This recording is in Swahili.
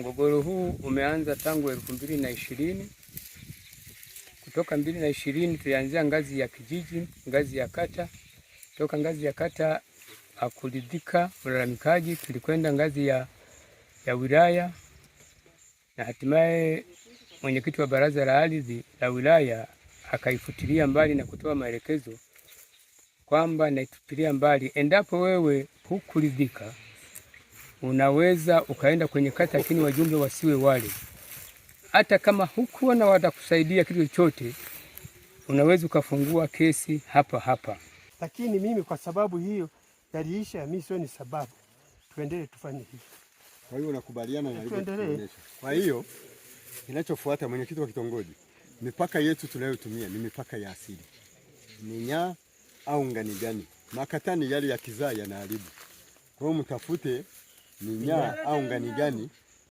Mgogoro huu umeanza tangu elfu mbili na ishirini. Kutoka mbili na ishirini tulianzia ngazi ya kijiji, ngazi ya kata. Toka ngazi ya kata akuridhika mlalamikaji, tulikwenda ngazi ya, ya wilaya na hatimaye mwenyekiti wa baraza la ardhi la wilaya akaifutilia mbali na kutoa maelekezo kwamba naitupilia mbali, endapo wewe hukuridhika unaweza ukaenda kwenye kata, lakini wajumbe wasiwe wale. Hata kama hukuwa na watakusaidia kitu chochote, unaweza ukafungua kesi hapa hapa. Lakini mimi kwa sababu hiyo yaliisha, mimi sio ni sababu, tuendelee tufanye hivyo. Kwa hiyo unakubaliana na Kwa hiyo kinachofuata, mwenyekiti wa kitongoji, mipaka yetu tunayotumia ni mipaka ya asili, ni nyaa au ngani gani, makatani yale ya kizaa yanaharibu. Kwa hiyo mtafute ni nyaa au ngani gani